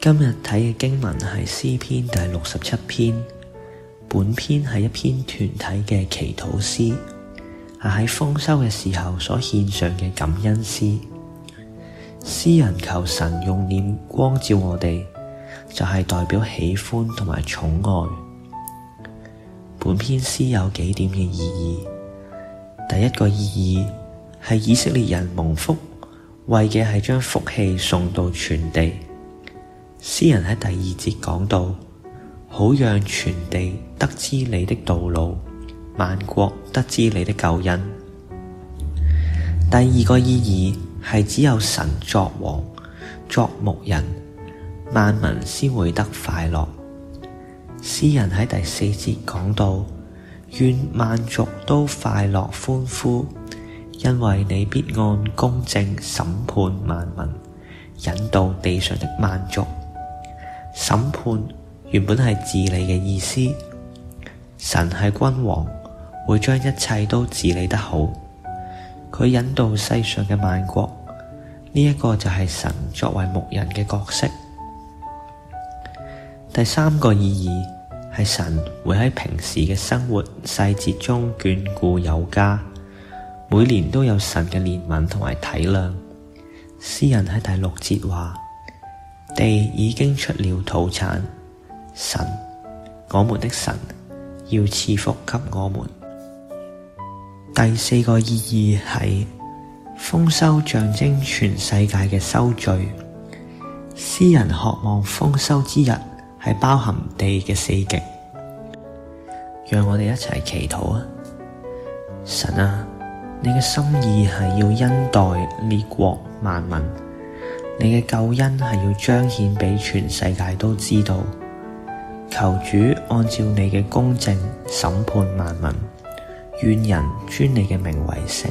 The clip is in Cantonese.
今日睇嘅經文係詩篇第六十七篇，本篇係一篇團體嘅祈禱詩，係喺豐收嘅時候所獻上嘅感恩詩。詩人求神用臉光照我哋，就係、是，代表喜歡同埋寵愛。本篇詩有幾點嘅意義：第一個意義係以色列人蒙福，為嘅係將福氣送到全地。詩人喺第二節講到，好讓全地得知你的道路，萬國得知你的救恩。第二個意義係只有神作王、作牧人，萬民先會得快樂。詩人喺第四節講到，願萬族都快樂歡呼，因為你必按公正審判萬民，引導地上的萬族。審判原本係治理嘅意思。神係君王，會將一切都治理得好。佢引導世上嘅萬國，呢一個就係神作為牧人嘅角色。第三個意義係神會喺平時嘅生活細節中眷顧有加，每年都有神嘅憐憫同埋體諒。詩人喺第六節話。地已經出了土產，神，我們的神要賜福給我們。第四個意義係豐收象徵全世界嘅收聚，詩人渴望豐收之日係包含地嘅四極。讓我哋一齊祈禱啊！神啊，你嘅心意係要恩待列國萬民。你嘅救恩係要彰顯俾全世界都知道，求主按照你嘅公正審判萬民，願人尊你嘅名為聖。